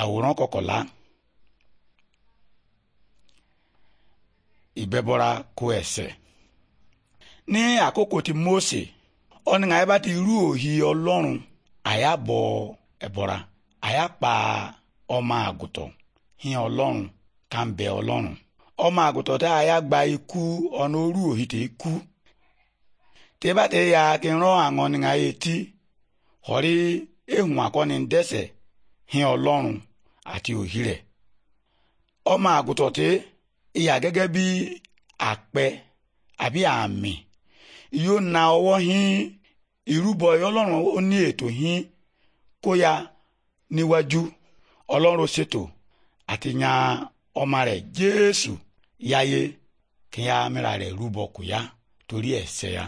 àwòrán kọkànlá ìbẹ́bọ́ra kó ẹ̀ṣẹ̀ ní àkókò moose. Mósè ọ̀nìyàn ayé bá ti rú òhì ọlọ́run àyà bọ ẹ̀bọ̀ra àyà pa ọmọ agụtọ hìn ọlọ́run ká ń bẹ ọlọ́run ọmọ àgùntàn tá gba ikú ọ̀nà orú òhì kú ya kí n rán àwọn ayé akọni hin ọlọ́run àti òyì rẹ̀ ọmọ àgùntàn tí ìyà gẹ́gẹ́ bí àpẹ àbí àmì yóò na ọwọ́ hin ìrúbọ ọlọ́run ó ní ètò hin kóya níwájú ọlọ́run ṣètò àti yan ọmọ rẹ̀ jésù yáyé kí n yá mìíràn rẹ̀ rúbọ kò yá torí ẹ̀ṣẹ̀ ya.